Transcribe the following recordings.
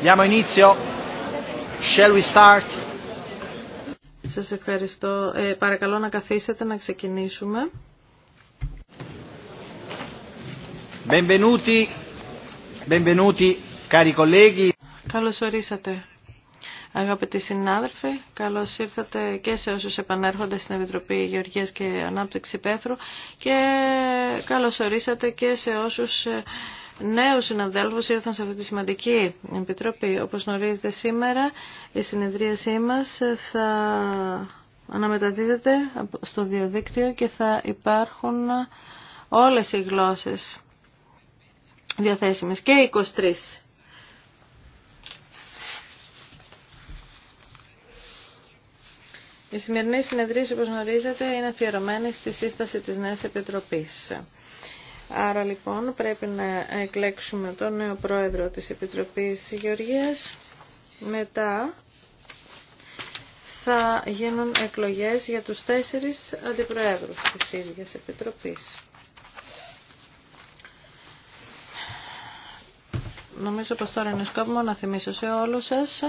Diamo inizio. Shall we start? Σας ευχαριστώ. Ε, παρακαλώ να καθίσετε να ξεκινήσουμε. Benvenuti, benvenuti cari colleghi. Καλώς ορίσατε Αγαπητοί συνάδελφοι, καλώς ήρθατε και σε όσους επανέρχονται στην Επιτροπή Γεωργίας και Ανάπτυξη Πέθρου και καλώς ορίσατε και σε όσους ε, νέους συναδέλφους ήρθαν σε αυτή τη σημαντική Επιτροπή. Όπως γνωρίζετε σήμερα, η συνεδρίασή μας θα αναμεταδίδεται στο διαδίκτυο και θα υπάρχουν όλες οι γλώσσες διαθέσιμες και 23 Η σημερινή συνεδρία, όπως γνωρίζετε, είναι αφιερωμένη στη σύσταση της Νέας Επιτροπής. Άρα λοιπόν πρέπει να εκλέξουμε τον νέο πρόεδρο της Επιτροπής Γεωργίας. Μετά θα γίνουν εκλογές για τους τέσσερις αντιπροέδρους της ίδιας Επιτροπής. Νομίζω πως τώρα είναι σκόπιμο να θυμίσω σε όλους σας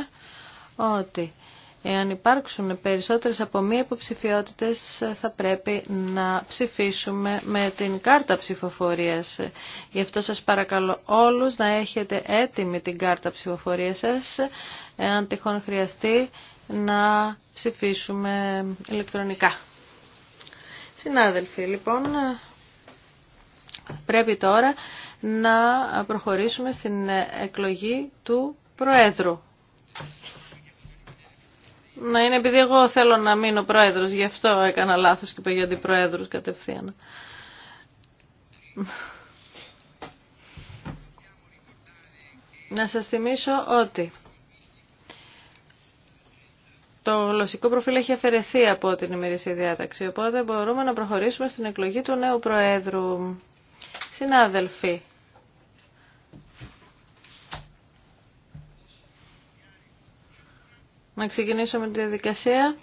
ότι Εάν υπάρξουν περισσότερες από μία υποψηφιότητες θα πρέπει να ψηφίσουμε με την κάρτα ψηφοφορίας. Γι' αυτό σας παρακαλώ όλους να έχετε έτοιμη την κάρτα ψηφοφορίας σας, εάν τυχόν χρειαστεί να ψηφίσουμε ηλεκτρονικά. Συνάδελφοι, λοιπόν, πρέπει τώρα να προχωρήσουμε στην εκλογή του Προέδρου. Να είναι επειδή εγώ θέλω να μείνω πρόεδρος, γι' αυτό έκανα λάθος και είπα για αντιπρόεδρος κατευθείαν. Να σας θυμίσω ότι το γλωσσικό προφίλ έχει αφαιρεθεί από την ημερήσια διάταξη, οπότε μπορούμε να προχωρήσουμε στην εκλογή του νέου Προέδρου. Συνάδελφοι, Να ξεκινήσω με τη διαδικασία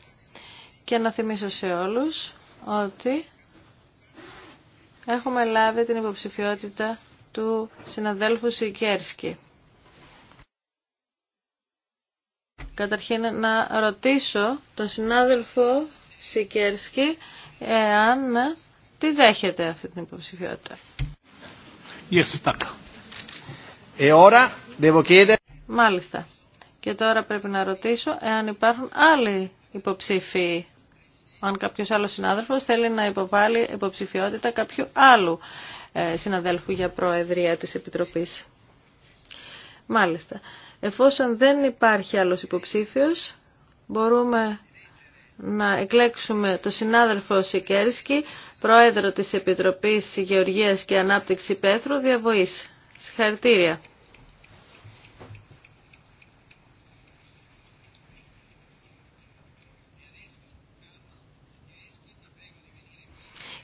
και να θυμίσω σε όλους ότι έχουμε λάβει την υποψηφιότητα του συναδέλφου Σικέρσκη. Καταρχήν να ρωτήσω τον συνάδελφο Σικέρσκη εάν τι δέχεται αυτή την υποψηφιότητα. Yes, ε, Μάλιστα. Και τώρα πρέπει να ρωτήσω εάν υπάρχουν άλλοι υποψήφοι. Αν κάποιος άλλος συνάδελφος θέλει να υποβάλει υποψηφιότητα κάποιου άλλου ε, συναδέλφου για προεδρία της Επιτροπής. Μάλιστα. Εφόσον δεν υπάρχει άλλος υποψήφιος, μπορούμε να εκλέξουμε το συνάδελφο Σικέρσκι, πρόεδρο της Επιτροπής Γεωργίας και Ανάπτυξη Πέθρου, διαβοής. Συγχαρητήρια.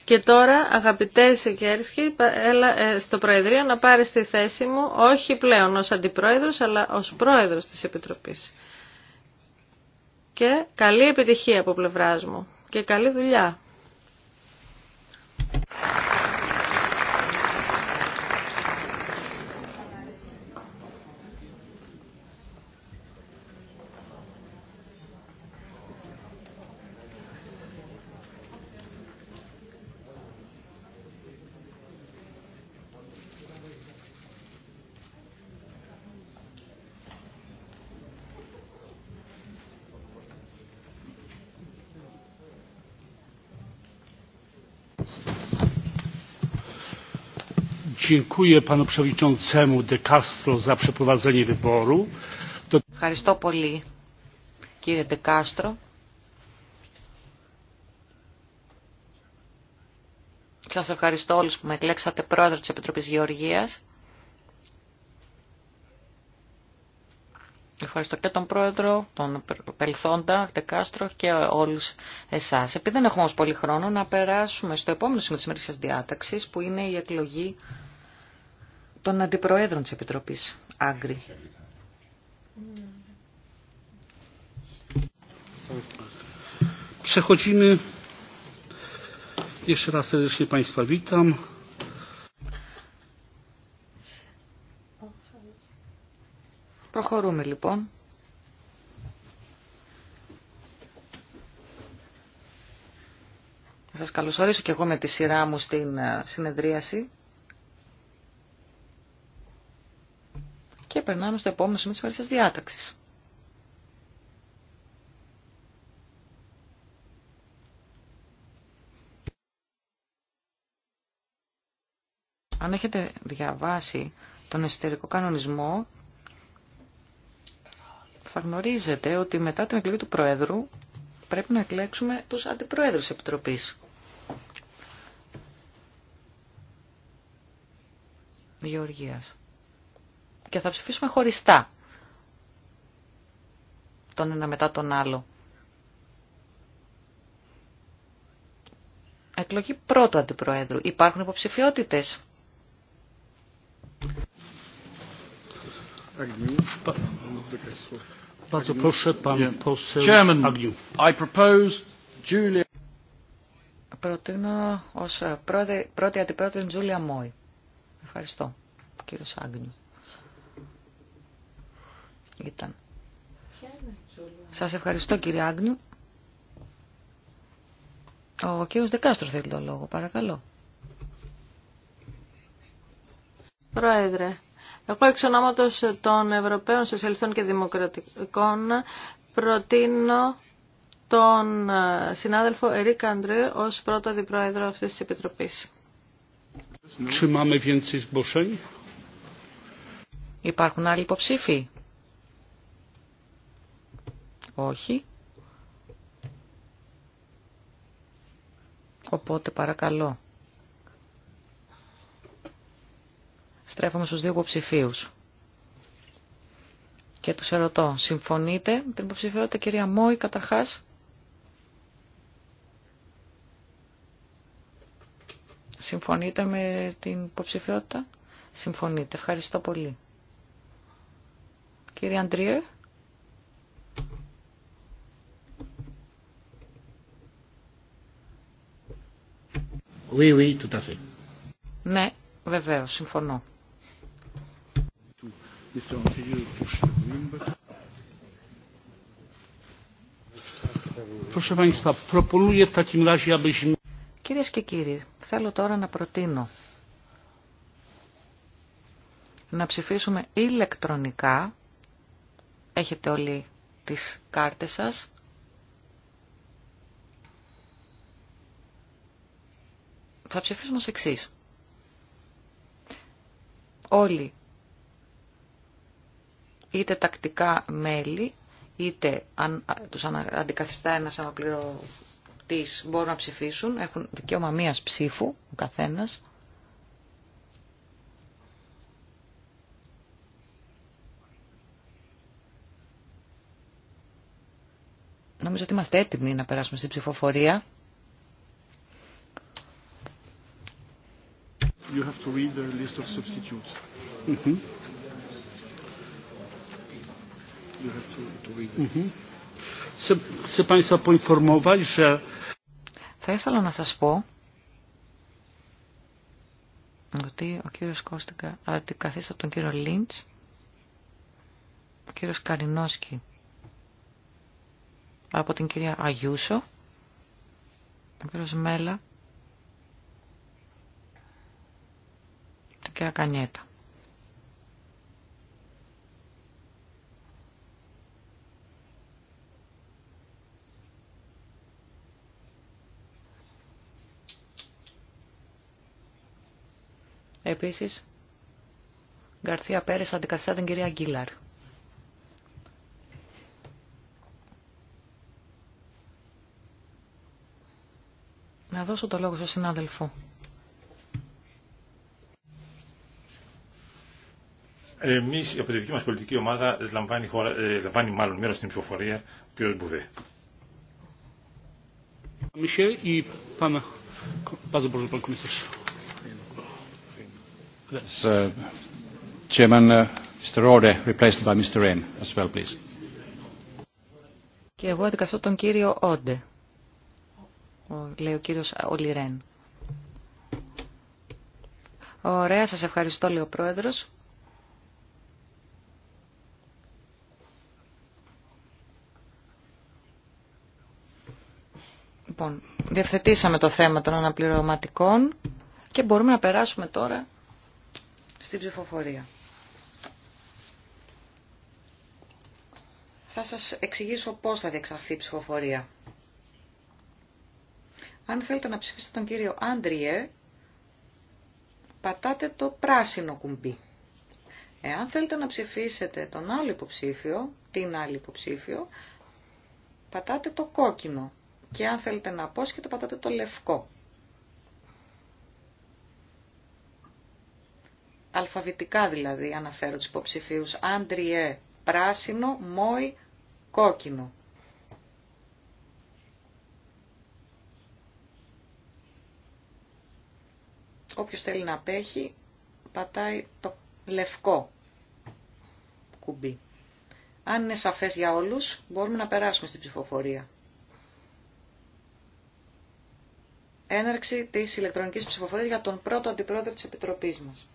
Και τώρα, αγαπητέ Σεκέρσκι, έλα ε, στο Προεδρείο να πάρει τη θέση μου, όχι πλέον ως Αντιπρόεδρος, αλλά ως Πρόεδρος της Επιτροπής. Και καλή επιτυχία από πλευράς μου και καλή δουλειά. Dziękuję panu przewodniczącemu De Castro za przeprowadzenie Ευχαριστώ κύριε Σας ευχαριστώ όλους που με εκλέξατε πρόεδρο της Επιτροπής Γεωργίας. Ευχαριστώ και τον πρόεδρο, τον Πελθόντα, Κάστρο και όλους εσάς. Επειδή δεν έχουμε όμως πολύ χρόνο, να περάσουμε στο επόμενο σημείο της διάταξης, που είναι η εκλογή των αντιπροέδρων της Επιτροπής Άγκρη. Przechodzimy. Jeszcze raz serdecznie Państwa witam. Προχωρούμε λοιπόν. Σας καλωσορίσω και εγώ με τη σειρά μου στην ε, συνεδρίαση. Και περνάμε στο επόμενο σημείο της μέρης διάταξης. Αν έχετε διαβάσει τον εσωτερικό κανονισμό, θα γνωρίζετε ότι μετά την εκλογή του Προέδρου πρέπει να εκλέξουμε τους αντιπροέδρους Επιτροπής. Γεωργίας και θα ψηφίσουμε χωριστά τον ένα μετά τον άλλο. Εκλογή πρώτου αντιπροέδρου. Υπάρχουν υποψηφιότητες. Προτείνω ως πρώτη, πρώτη την Τζούλια Μόη. Ευχαριστώ, κύριος Άγγνιου ήταν. Σας ευχαριστώ κύριε Άγνου Ο κύριος Δεκάστρο θέλει το λόγο, παρακαλώ. Πρόεδρε, εγώ εξ ονόματος των Ευρωπαίων Σοσιαλιστών και Δημοκρατικών προτείνω τον συνάδελφο Ερίκ Αντρέ ως πρώτο αντιπρόεδρο αυτής της Επιτροπής. Υπάρχουν άλλοι υποψήφοι. Όχι. Οπότε παρακαλώ. Στρέφομαι στους δύο υποψηφίου. Και τους ερωτώ, συμφωνείτε με την υποψηφιότητα κυρία Μόη καταρχάς. Συμφωνείτε με την υποψηφιότητα. Συμφωνείτε. Ευχαριστώ πολύ. Κύριε Αντρίε. Oui, Ναι, βεβαίω, συμφωνώ. Κυρίε και κύριοι, θέλω τώρα να προτείνω να ψηφίσουμε ηλεκτρονικά. Έχετε όλοι τις κάρτες σας. θα ψηφίσουμε ως εξή. Όλοι, είτε τακτικά μέλη, είτε αν τους αντικαθιστά ένας αναπληρωτής μπορούν να ψηφίσουν, έχουν δικαίωμα μίας ψήφου ο καθένας. Νομίζω ότι είμαστε έτοιμοι να περάσουμε στην ψηφοφορία. you have to read the list of substitutes. Mm -hmm. You have to, to read it. Mm-hmm. Chcę, chcę Państwa poinformować, że... Θα ήθελα να σας πω ότι ο κύριος Κώστηκα αντικαθίστα τον κύριο Λίντς, ο κύριος Καρινόσκι από την κυρία Αγιούσο, ο κύριος Μέλα και Ακανιέτα. Επίσης, Γκαρθία Πέρες αντικαθιστά την κυρία Γκίλαρ. Να δώσω το λόγο στον συνάδελφο. Εμεί, η αποτελική μα πολιτική ομάδα, λαμβάνει, χώρα, ε, λαμβάνει μάλλον μέρο στην ψηφοφορία ο κ. Μπουβέ. Και εγώ αντικαθώ τον κύριο Όντε, λέει ο κύριος Ολιρέν. Ωραία, σας ευχαριστώ, λέει ο πρόεδρος. Λοιπόν, διευθετήσαμε το θέμα των αναπληρωματικών και μπορούμε να περάσουμε τώρα στην ψηφοφορία. Θα σας εξηγήσω πώς θα διεξαχθεί η ψηφοφορία. Αν θέλετε να ψηφίσετε τον κύριο Άντριε, πατάτε το πράσινο κουμπί. Εάν θέλετε να ψηφίσετε τον άλλο υποψήφιο, την άλλη υποψήφιο, πατάτε το κόκκινο και αν θέλετε να απόσχετε πατάτε το λευκό. Αλφαβητικά δηλαδή αναφέρω τους υποψηφίους. Άντριε πράσινο, μόι κόκκινο. Όποιος θέλει να απέχει πατάει το λευκό κουμπί. Αν είναι σαφές για όλους, μπορούμε να περάσουμε στην ψηφοφορία. έναρξη της ηλεκτρονικής ψηφοφορίας για τον πρώτο αντιπρόεδρο της Επιτροπής μας.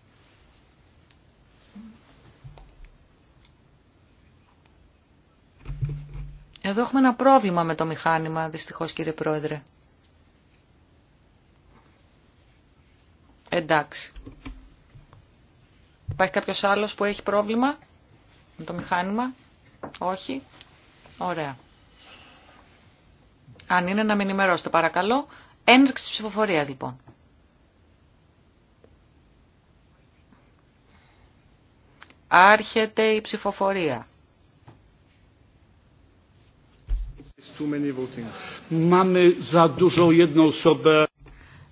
Εδώ έχουμε ένα πρόβλημα με το μηχάνημα, δυστυχώς κύριε Πρόεδρε. Εντάξει. Υπάρχει κάποιος άλλος που έχει πρόβλημα με το μηχάνημα. Όχι. Ωραία. Αν είναι να μην ενημερώσετε παρακαλώ ένδειξη ψηφοφορία, λοιπόν. Άρχεται η ψηφοφορία.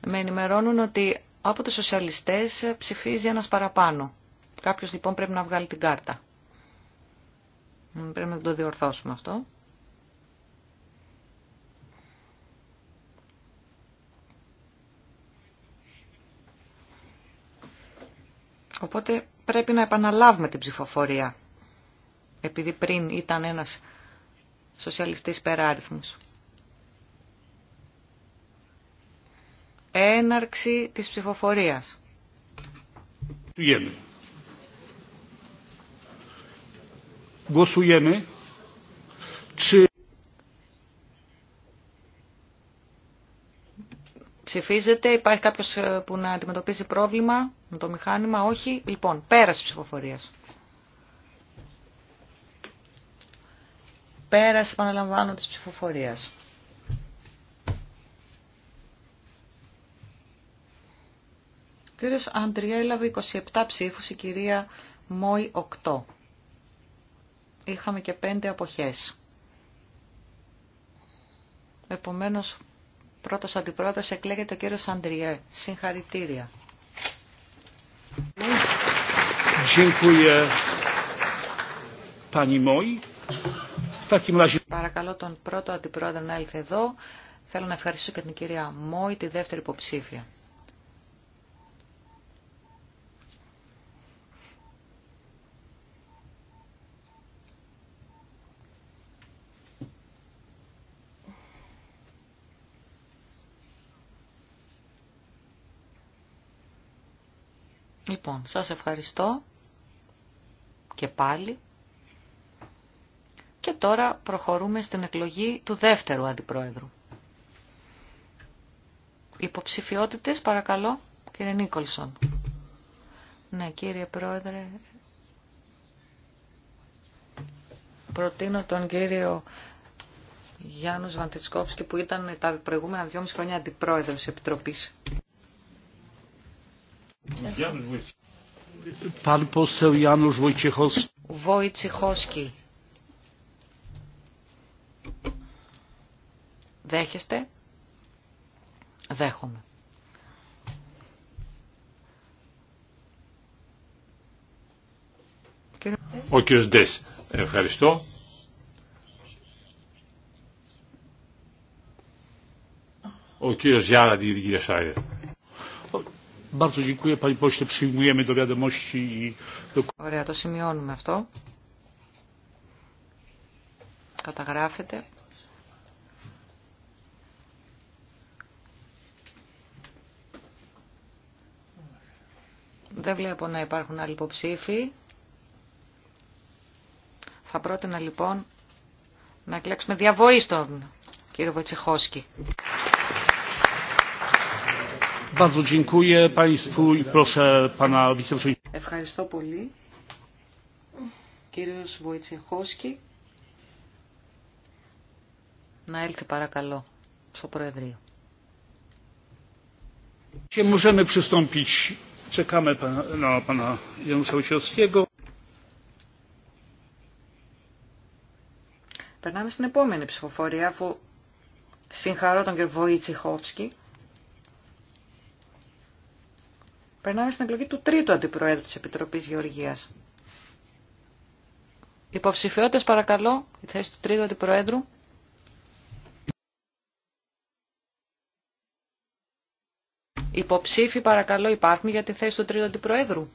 Με ενημερώνουν ότι από τους σοσιαλιστές ψηφίζει ένας παραπάνω. Κάποιος λοιπόν πρέπει να βγάλει την κάρτα. Πρέπει να το διορθώσουμε αυτό. Οπότε πρέπει να επαναλάβουμε την ψηφοφορία. Επειδή πριν ήταν ένας σοσιαλιστής περάριθμος. Έναρξη της ψηφοφορίας. Γέννη. Ψηφίζεται. Υπάρχει κάποιος ε, που να αντιμετωπίσει πρόβλημα με το μηχάνημα. Όχι. Λοιπόν, πέραση ψηφοφορία. Πέραση, επαναλαμβάνω, τη ψηφοφορία. Ο κύριος 27 ψήφους, η κυρία Μόη 8. Είχαμε και 5 αποχές. Επομένως, Πρώτος αντιπρόεδρος εκλέγεται ο κύριο Αντριέ. Συγχαρητήρια. Παρακαλώ τον πρώτο αντιπρόεδρο να έλθει εδώ. Θέλω να ευχαριστήσω και την κυρία Μόη, τη δεύτερη υποψήφια. Λοιπόν, σας ευχαριστώ και πάλι. Και τώρα προχωρούμε στην εκλογή του δεύτερου αντιπρόεδρου. Υποψηφιότητες, παρακαλώ, κύριε Νίκολσον. Ναι, κύριε Πρόεδρε, προτείνω τον κύριο Γιάννου Βαντιτσκόφσκι που ήταν τα προηγούμενα δυόμιση χρόνια αντιπρόεδρος Επιτροπής. Γιάννους Pan poseł Janusz Wojciechowski. Δέχεστε. Δέχομαι. Ο κ. Ντες. Ευχαριστώ. Ο κ. Γιάννα Διεργία Σάιερ. Ωραία, το σημειώνουμε αυτό. Καταγράφεται. Δεν βλέπω να υπάρχουν άλλοι υποψήφοι. Θα πρότεινα λοιπόν να κλέξουμε διαβοή στον κύριο Βοτσυχόσκη. Ευχαριστώ πολύ. Κύριος Βοητσεχόσκι, να έλθει παρακαλώ στο Προεδρείο. Περνάμε στην επόμενη ψηφοφορία, αφού συγχαρώ τον κύριο Βοητσεχόφσκι. Περνάμε στην εκλογή του τρίτου αντιπροέδρου της Επιτροπής Γεωργίας. Υποψηφιότητες παρακαλώ, η θέση του τρίτου αντιπροέδρου. Υποψήφοι παρακαλώ υπάρχουν για τη θέση του τρίτου αντιπροέδρου.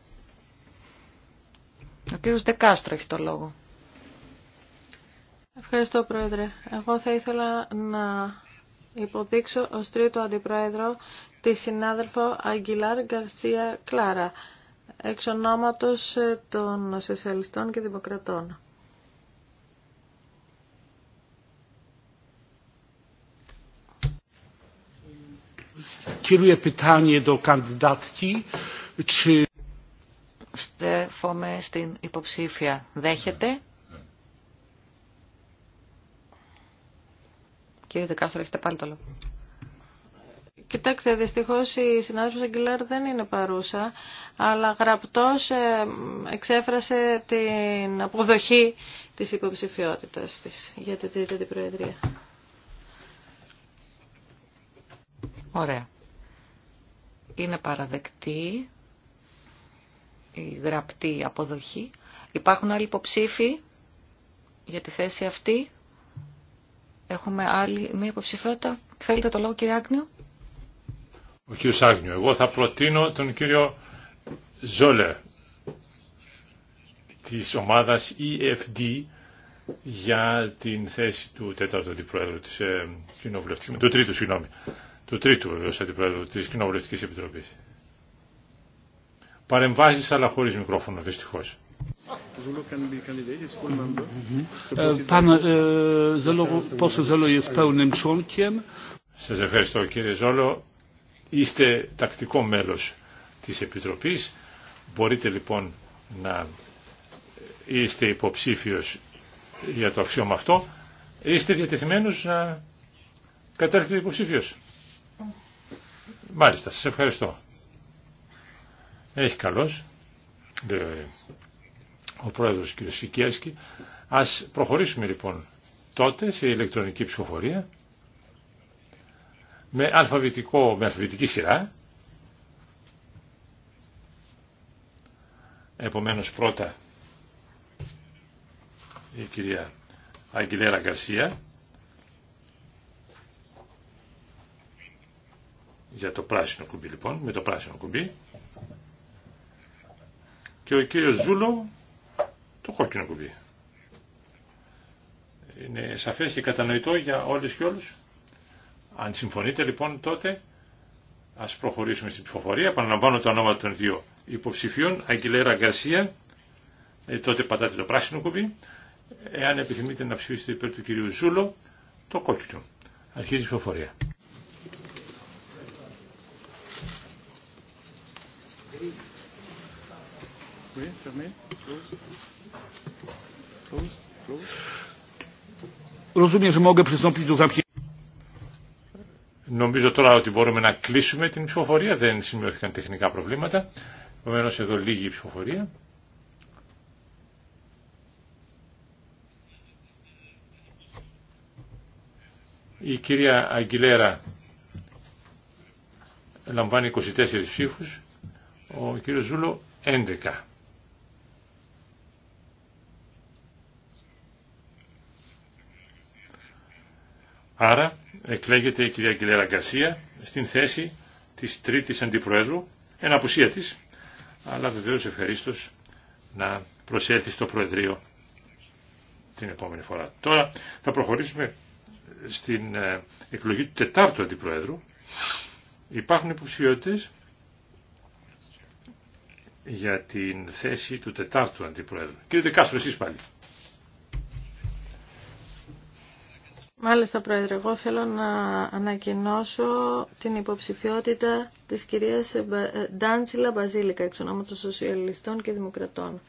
Ο κύριος Δεκάστρο έχει το λόγο. Ευχαριστώ Πρόεδρε. Εγώ θα ήθελα να υποδείξω ω τρίτο αντιπρόεδρο τη συνάδελφο Αγγιλάρ Γκαρσία Κλάρα, εξ ονόματος ε, των Σοσιαλιστών και Δημοκρατών. Στεφόμαι το στην υποψήφια. Δέχεται Κύριε έχετε πάλι το λόγο. Κοιτάξτε, δυστυχώς η συνάδελφος Αγγιλάρ δεν είναι παρούσα, αλλά γραπτός ε, εξέφρασε την αποδοχή της υποψηφιότητας της για την τρίτη την Προεδρία. Ωραία. Είναι παραδεκτή η γραπτή αποδοχή. Υπάρχουν άλλοι υποψήφοι για τη θέση αυτή. Έχουμε άλλη μία υποψηφιότητα. Θέλετε το λόγο κύριε Άγνιο. Ο κύριος Άγνιο. Εγώ θα προτείνω τον κύριο Ζόλε της ομάδας EFD για την θέση του τέταρτου αντιπρόεδρου της ε, κοινοβουλευτικής, του τρίτου συγγνώμη, του τρίτου αντιπρόεδρου της κοινοβουλευτικής επιτροπής. Παρεμβάσεις αλλά χωρίς μικρόφωνο δυστυχώς. Mm-hmm. Euh, euh, ευχαριστώ κύριε Ζόλο. Είστε τακτικό μέλος της Επιτροπής. Μπορείτε λοιπόν να είστε υποψήφιος για το αξίωμα αυτό. Είστε διατεθειμένος να κατέρχεται υποψήφιος. Μάλιστα, σας ευχαριστώ. Έχει καλός, ο πρόεδρος κ. Σικιέσκη. Ας προχωρήσουμε λοιπόν τότε σε ηλεκτρονική ψηφοφορία με, αλφαβητικό, με αλφαβητική σειρά. Επομένως πρώτα η κυρία Αγγιλέρα Γκαρσία για το πράσινο κουμπί λοιπόν, με το πράσινο κουμπί και ο κύριος Ζούλο κόκκινο κουμπί. Είναι σαφές και κατανοητό για όλους και όλους. Αν συμφωνείτε λοιπόν τότε ας προχωρήσουμε στην ψηφοφορία. Παναλαμβάνω το ονόμα των δύο υποψηφίων. Αγγιλέρα Γκαρσία, ε, τότε πατάτε το πράσινο κουμπί. Εάν επιθυμείτε να ψηφίσετε υπέρ του κυρίου Ζούλο, το κόκκινο. Αρχίζει η ψηφοφορία. Oui, fermé. Νομίζω τώρα ότι μπορούμε να κλείσουμε την ψηφοφορία. Δεν σημειώθηκαν τεχνικά προβλήματα. Επομένω εδώ λίγη η ψηφοφορία. Η κυρία Αγγιλέρα λαμβάνει 24 ψήφους, ο κύριος Ζούλο 11. Άρα εκλέγεται η κυρία Κιλέρα Γκαρσία στην θέση της τρίτης αντιπροέδρου, εν απουσία της, αλλά βεβαίως ευχαρίστως να προσέλθει στο Προεδρείο την επόμενη φορά. Τώρα θα προχωρήσουμε στην ε, εκλογή του τετάρτου αντιπροέδρου. Υπάρχουν υποψηφιότητε για την θέση του τετάρτου αντιπροέδρου. Κύριε Δεκάστρο, εσείς πάλι. Μάλιστα, Πρόεδρε, εγώ θέλω να ανακοινώσω την υποψηφιότητα της κυρίας ε, Ντάντσιλα Μπαζίλικα, εξ ονόματος Σοσιαλιστών και Δημοκρατών.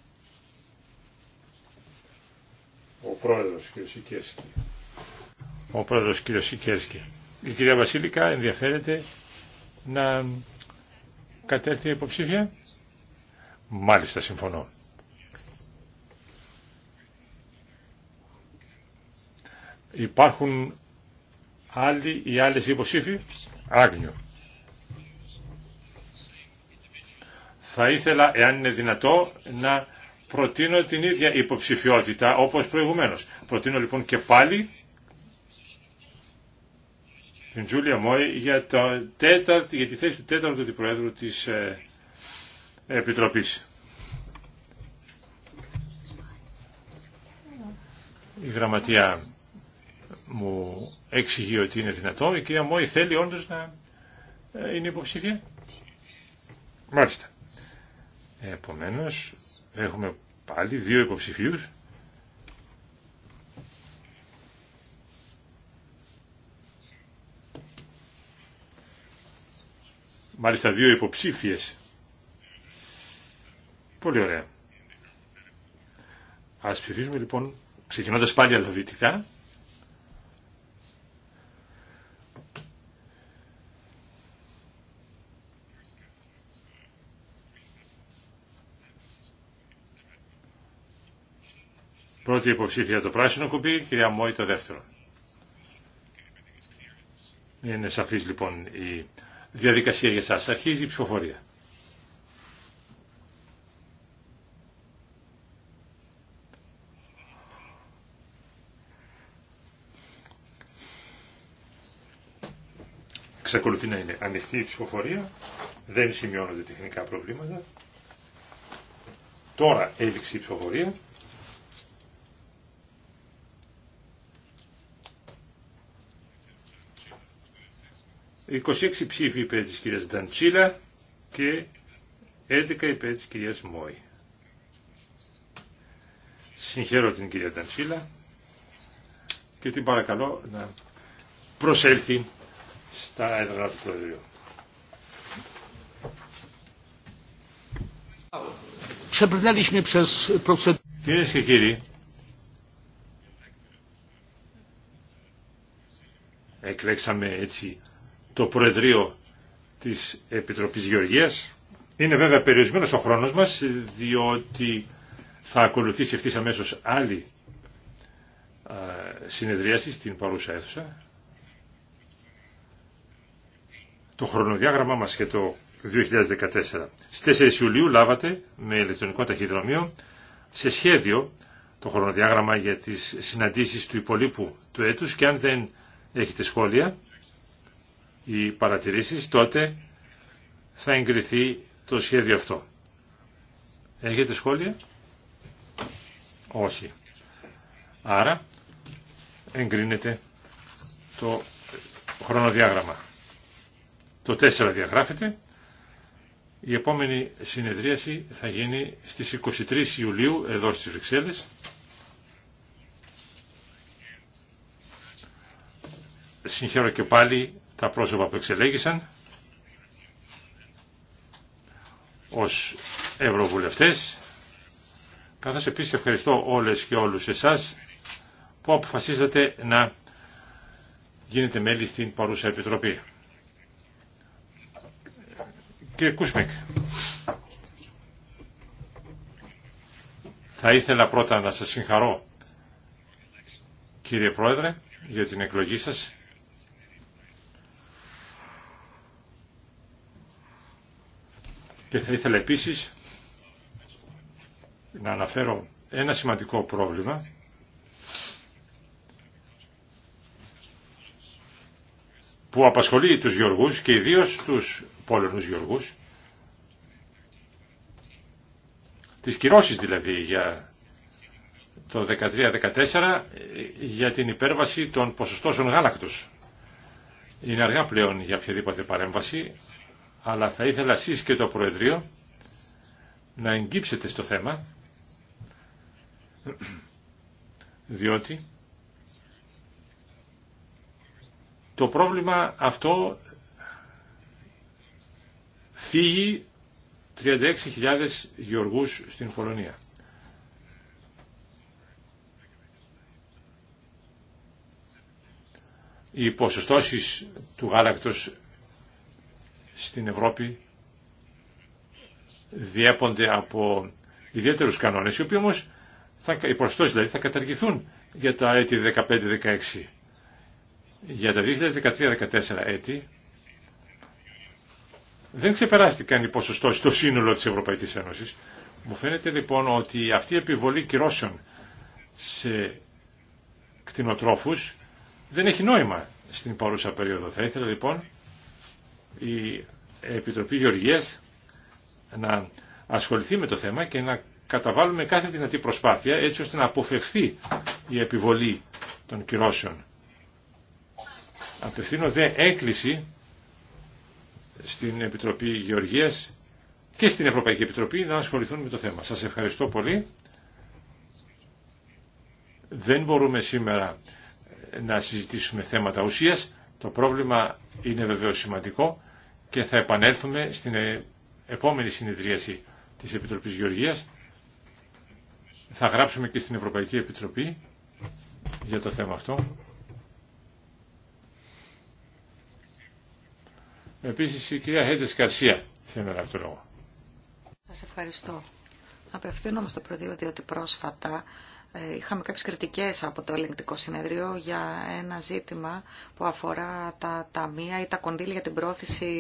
Ο Πρόεδρος, κ. Σικέρσκη. Ο Πρόεδρος, κ. Σικέρσκη. Η κυρία Βασίλικα ενδιαφέρεται να κατέρθει υποψήφια. Μάλιστα, συμφωνώ. Υπάρχουν άλλοι ή άλλες υποψήφοι. Άγνιο. Θα ήθελα, εάν είναι δυνατό, να προτείνω την ίδια υποψηφιότητα όπως προηγουμένως. Προτείνω λοιπόν και πάλι την Τζούλια Μόη για, το τέταρτη, τη θέση του τέταρτου του Προέδρου της ε, Επιτροπής. Η γραμματεία μου εξηγεί ότι είναι δυνατό. Η κυρία Μόη θέλει όντως να ε, είναι υποψήφια. Μάλιστα. Επομένως έχουμε πάλι δύο υποψηφίους. Μάλιστα δύο υποψήφιες. Πολύ ωραία. Ας ψηφίσουμε λοιπόν, ξεκινώντας πάλι αλφαβητικά, Πρώτη υποψήφια το πράσινο κουμπί, κυρία Μόη το δεύτερο. Είναι σαφής λοιπόν η διαδικασία για σας. Αρχίζει η ψηφοφορία. Ξεκολουθεί να είναι ανοιχτή η ψηφοφορία. Δεν σημειώνονται τεχνικά προβλήματα. Τώρα έληξε η ψηφοφορία. 26 ψήφοι υπέρ της κυρίας Νταντσίλα και 11 υπέρ της κυρίας Μόη. Συγχαίρω την κυρία Νταντσίλα και την παρακαλώ να προσέλθει στα έδρα του Προεδρείου. Κυρίε και κύριοι, εκλέξαμε έτσι το Προεδρείο της Επιτροπής Γεωργίας. Είναι βέβαια περιορισμένος ο χρόνος μας, διότι θα ακολουθήσει ευθύς αμέσως άλλη συνεδρίαση στην παρούσα αίθουσα. Το χρονοδιάγραμμά μας για το 2014. Στις 4 Ιουλίου λάβατε με ηλεκτρονικό ταχυδρομείο σε σχέδιο το χρονοδιάγραμμα για τις συναντήσεις του υπολείπου του έτους και αν δεν έχετε σχόλια οι παρατηρήσεις, τότε θα εγκριθεί το σχέδιο αυτό. Έχετε σχόλια? Όχι. Άρα εγκρίνεται το χρονοδιάγραμμα. Το 4 διαγράφεται. Η επόμενη συνεδρίαση θα γίνει στις 23 Ιουλίου εδώ στις Βρυξέλλες. Συγχαίρω και πάλι τα πρόσωπα που εξελέγησαν ως ευρωβουλευτές καθώς επίσης ευχαριστώ όλες και όλους εσάς που αποφασίσατε να γίνετε μέλη στην παρούσα Επιτροπή. Κύριε Κούσμεκ, θα ήθελα πρώτα να σας συγχαρώ κύριε Πρόεδρε για την εκλογή σας Και θα ήθελα επίσης να αναφέρω ένα σημαντικό πρόβλημα που απασχολεί τους γεωργούς και ιδίως τους πόλεμους γεωργούς τις κυρώσεις δηλαδή για το 13-14 για την υπέρβαση των ποσοστώσεων γάλακτος. Είναι αργά πλέον για οποιαδήποτε παρέμβαση, αλλά θα ήθελα εσείς και το Προεδρείο να εγκύψετε στο θέμα, διότι το πρόβλημα αυτό φύγει 36.000 γεωργούς στην Πολωνία. Οι ποσοστώσεις του γάλακτος στην Ευρώπη διέπονται από ιδιαίτερους κανόνες, οι οποίοι όμως, θα, οι προστώσεις δηλαδή, θα καταργηθούν για τα έτη 15-16. Για τα 2013-14 έτη δεν ξεπεράστηκαν οι ποσοστό στο σύνολο της Ευρωπαϊκής Ένωσης. Μου φαίνεται λοιπόν ότι αυτή η επιβολή κυρώσεων σε κτηνοτρόφους δεν έχει νόημα στην παρούσα περίοδο. Θα ήθελα λοιπόν η Επιτροπή Γεωργίας να ασχοληθεί με το θέμα και να καταβάλουμε κάθε δυνατή προσπάθεια έτσι ώστε να αποφευθεί η επιβολή των κυρώσεων. Απευθύνω δε έκκληση στην Επιτροπή Γεωργίας και στην Ευρωπαϊκή Επιτροπή να ασχοληθούν με το θέμα. Σας ευχαριστώ πολύ. Δεν μπορούμε σήμερα να συζητήσουμε θέματα ουσίας. Το πρόβλημα είναι βεβαίως σημαντικό και θα επανέλθουμε στην ε, επόμενη συνεδρίαση της Επιτροπής Γεωργίας. Θα γράψουμε και στην Ευρωπαϊκή Επιτροπή για το θέμα αυτό. Επίσης η κυρία Χέντες Καρσία θέλει να λάβει το λόγο. Σας ευχαριστώ. Απευθύνομαι στο Προεδρείο διότι πρόσφατα Είχαμε κάποιες κριτικές από το ελεγκτικό συνεδρίο για ένα ζήτημα που αφορά τα ταμεία ή τα κονδύλια για την πρόθεση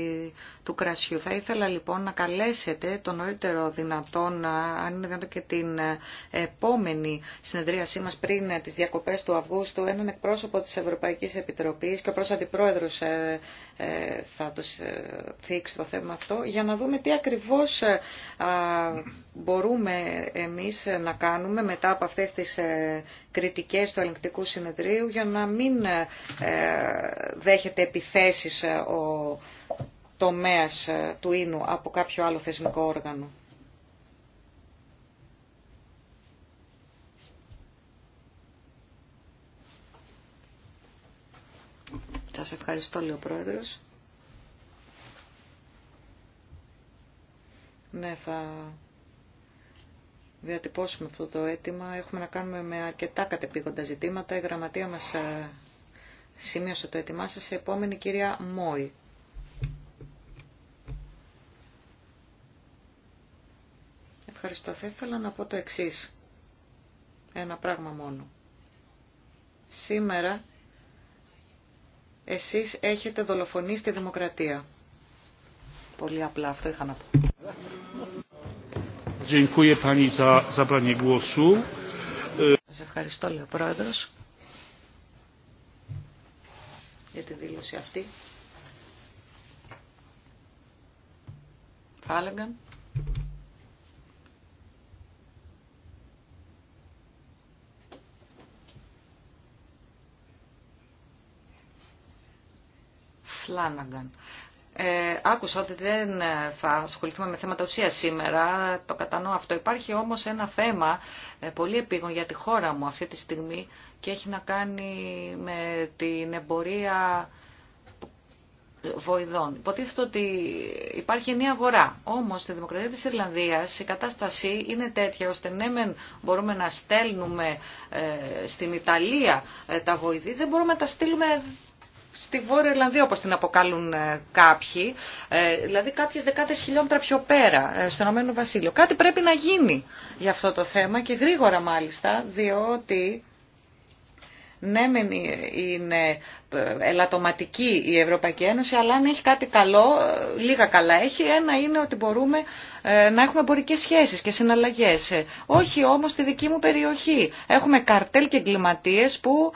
του κρασιού. Θα ήθελα λοιπόν να καλέσετε τον νωρίτερο δυνατόν, αν είναι δυνατόν και την επόμενη συνεδρίασή μας πριν τις διακοπές του Αυγούστου, έναν εκπρόσωπο της Ευρωπαϊκής Επιτροπής και ο προς αντιπρόεδρος ε, ε, θα το ε, θίξει το θέμα αυτό για να δούμε τι ακριβώς ε, μπορούμε εμείς να κάνουμε μετά από αυτές τις κριτικές του ελεγκτικού συνεδρίου για να μην δέχεται επιθέσεις ο τομέας του ίνου από κάποιο άλλο θεσμικό όργανο. Σας ευχαριστώ, λέει ο Πρόεδρος. Ναι, θα διατυπώσουμε αυτό το αίτημα. Έχουμε να κάνουμε με αρκετά κατεπήγοντα ζητήματα. Η γραμματεία μας ε, σημείωσε το αίτημά σας. Η επόμενη κυρία Μόη. Ευχαριστώ. Θα ήθελα να πω το εξής. Ένα πράγμα μόνο. Σήμερα εσείς έχετε δολοφονήσει τη δημοκρατία. Πολύ απλά αυτό είχα να πω. Σας ευχαριστώ, λέει ο Πρόεδρος, για τη δήλωση αυτή. έλεγαν. Φλάναγκαν. Ε, άκουσα ότι δεν θα ασχοληθούμε με θέματα ουσία σήμερα, το κατανοώ αυτό. Υπάρχει όμως ένα θέμα ε, πολύ επίγον για τη χώρα μου αυτή τη στιγμή και έχει να κάνει με την εμπορία βοηδών. Υποτίθεται ότι υπάρχει μία αγορά. Όμως στη Δημοκρατία της Ιρλανδίας η κατάσταση είναι τέτοια ώστε ναι, μεν μπορούμε να στέλνουμε ε, στην Ιταλία ε, τα βοηδή, δεν μπορούμε να τα στείλουμε στη Βόρεια Ιρλανδία όπως την αποκαλούν ε, κάποιοι, ε, δηλαδή κάποιες δεκάδες χιλιόμετρα πιο πέρα, ε, στον Ηνωμένο Βασίλειο. Κάτι πρέπει να γίνει για αυτό το θέμα και γρήγορα μάλιστα, διότι ναι, είναι ελαττωματική η Ευρωπαϊκή Ένωση, αλλά αν έχει κάτι καλό, ε, λίγα καλά έχει, ένα είναι ότι μπορούμε ε, να έχουμε εμπορικέ σχέσει και συναλλαγές. Ε, όχι όμως στη δική μου περιοχή. Έχουμε καρτέλ και εγκληματίες που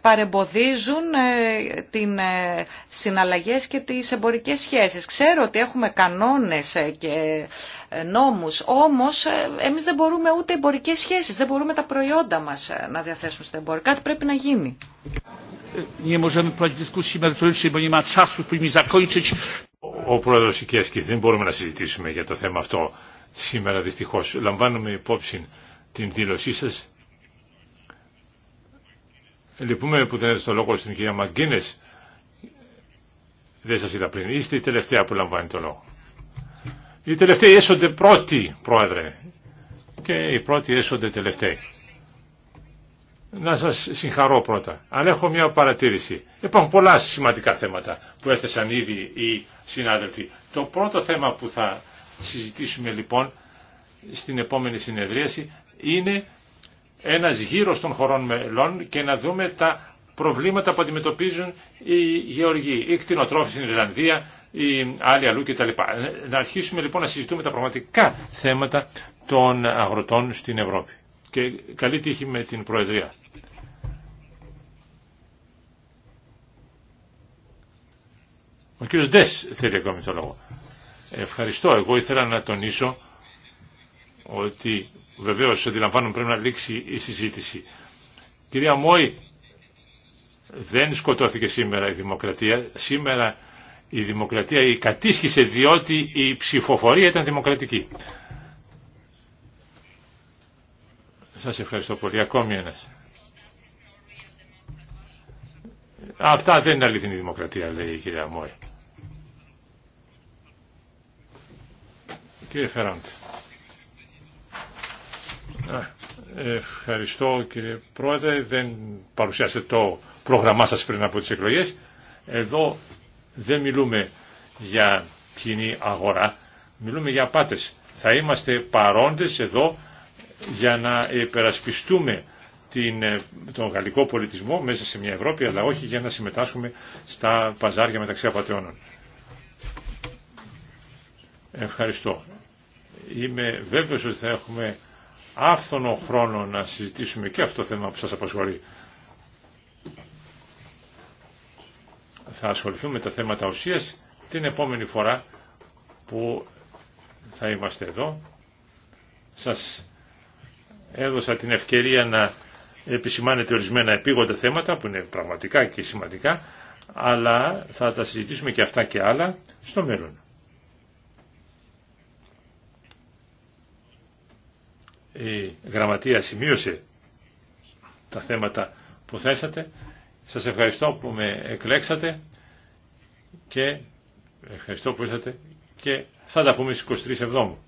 παρεμποδίζουν την συναλλαγές και τις εμπορικές σχέσεις. Ξέρω ότι έχουμε κανόνες και νόμους, όμως εμείς δεν μπορούμε ούτε εμπορικές σχέσεις, δεν μπορούμε τα προϊόντα μας να διαθέσουμε στο εμπόριο. Κάτι πρέπει να γίνει nie możemy prowadzić dyskusji Ο πρόεδρος δεν μπορούμε να συζητήσουμε για το θέμα αυτό σήμερα δυστυχώς. Λαμβάνουμε υπόψη την δήλωσή σας. Λυπούμε που δεν έδωσε το λόγο στην κυρία Μαγκίνες. Δεν σας είδα πριν. Είστε η τελευταία που λαμβάνει το λόγο. Οι τελευταίοι έσονται πρώτοι, πρόεδρε. Και οι πρώτοι έσονται τελευταίοι να σας συγχαρώ πρώτα. αλλά έχω μια παρατήρηση. Υπάρχουν πολλά σημαντικά θέματα που έθεσαν ήδη οι συνάδελφοι. Το πρώτο θέμα που θα συζητήσουμε λοιπόν στην επόμενη συνεδρίαση είναι ένας γύρος των χωρών μελών και να δούμε τα προβλήματα που αντιμετωπίζουν οι γεωργοί, οι κτηνοτρόφοι στην Ιρλανδία, οι άλλοι αλλού κτλ. Να αρχίσουμε λοιπόν να συζητούμε τα πραγματικά θέματα των αγροτών στην Ευρώπη. Και καλή τύχη με την Προεδρία. Ο κύριος Ντες θέλει ακόμη το λόγο. Ευχαριστώ. Εγώ ήθελα να τονίσω ότι βεβαίως αντιλαμβάνομαι πρέπει να λήξει η συζήτηση. Κυρία Μόη, δεν σκοτώθηκε σήμερα η δημοκρατία. Σήμερα η δημοκρατία η κατήσχησε διότι η ψηφοφορία ήταν δημοκρατική. Σας ευχαριστώ πολύ. Ακόμη ένας. Αυτά δεν είναι αληθινή δημοκρατία, λέει η κυρία Μόη. Κύριε Φεράντ. Ευχαριστώ κύριε Πρόεδρε. Δεν παρουσιάσετε το πρόγραμμά σας πριν από τις εκλογές. Εδώ δεν μιλούμε για κοινή αγορά. Μιλούμε για πάτες. Θα είμαστε παρόντες εδώ για να υπερασπιστούμε την, ε, τον γαλλικό πολιτισμό μέσα σε μια Ευρώπη αλλά όχι για να συμμετάσχουμε στα παζάρια μεταξύ απαταιώνων. Ευχαριστώ. Είμαι βέβαιος ότι θα έχουμε άφθονο χρόνο να συζητήσουμε και αυτό το θέμα που σας απασχολεί. Θα ασχοληθούμε με τα θέματα ουσίας την επόμενη φορά που θα είμαστε εδώ. Σας έδωσα την ευκαιρία να επισημάνετε ορισμένα επίγοντα θέματα που είναι πραγματικά και σημαντικά, αλλά θα τα συζητήσουμε και αυτά και άλλα στο μέλλον. η γραμματεία σημείωσε τα θέματα που θέσατε. Σας ευχαριστώ που με εκλέξατε και ευχαριστώ που και θα τα πούμε στις 23 Εβδόμου.